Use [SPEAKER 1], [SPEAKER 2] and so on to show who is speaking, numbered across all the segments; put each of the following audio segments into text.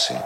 [SPEAKER 1] assim.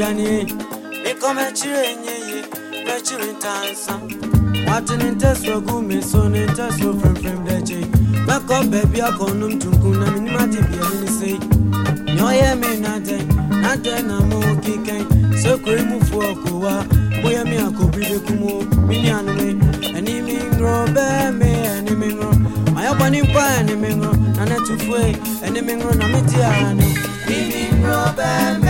[SPEAKER 2] Danny. Me come at you, ye, let you in time. Watching in test for gummy, so in test for friend from the jay. Back up, baby, I call them to Kuna, and my dear, you say. No, yeah, me nothing, nothing, I'm more kicking. So, cream for a coa, we are me a copy the Kumo, Minian, and he mean grow, bear me, and he mean grow. My opening pie, and he mean grow, and I took way, and he mean grow, and he mean grow,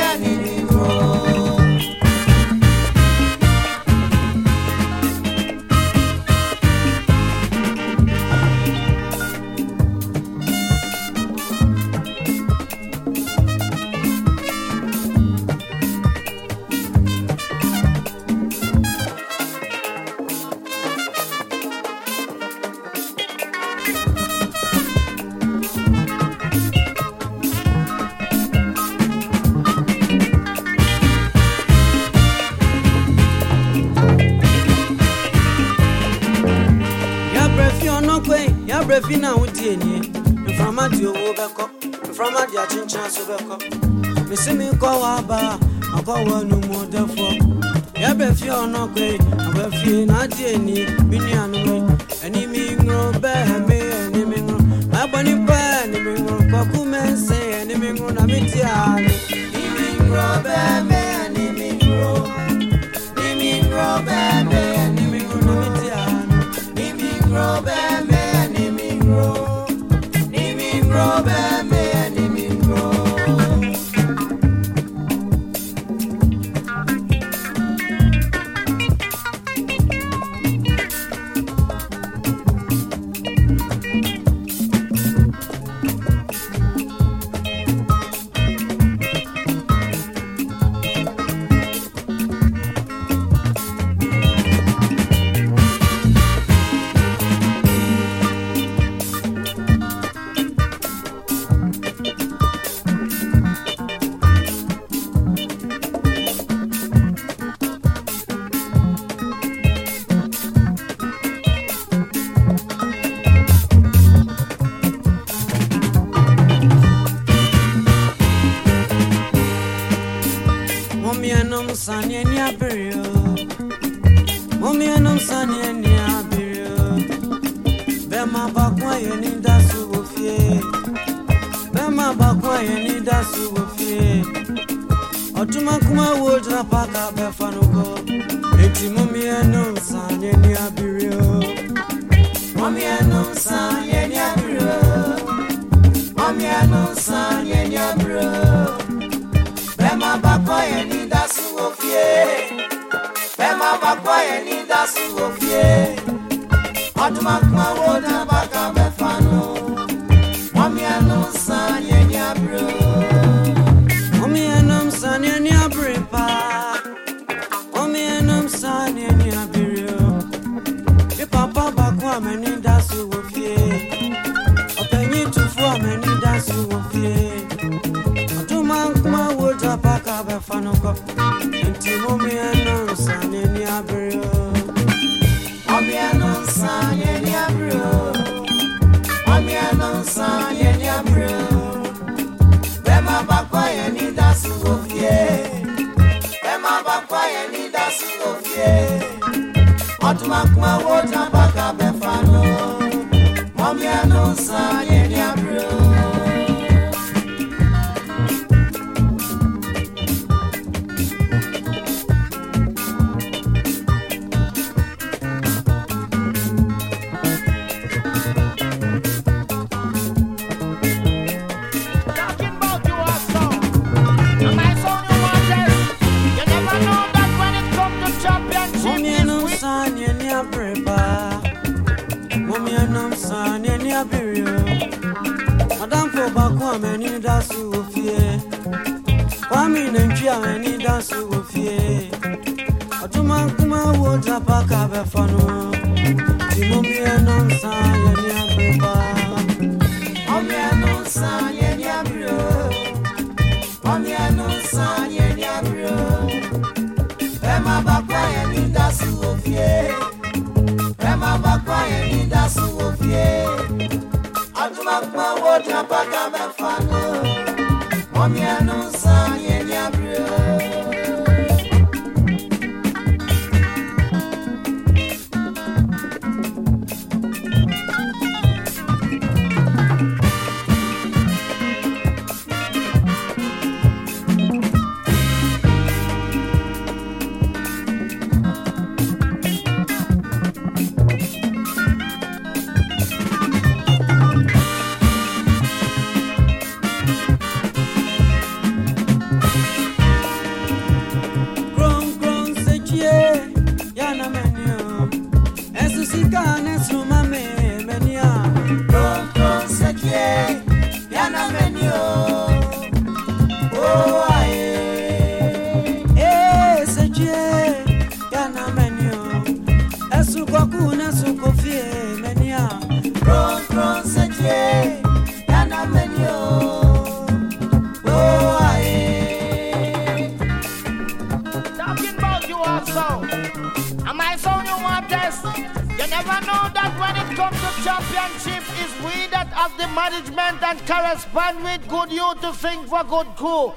[SPEAKER 2] chance na mesi mi kɔ wa ba akɔwɔ numu dɛfɔ yɛbɛ fie ɔnɔkɔe abɛfie
[SPEAKER 3] Pagod ko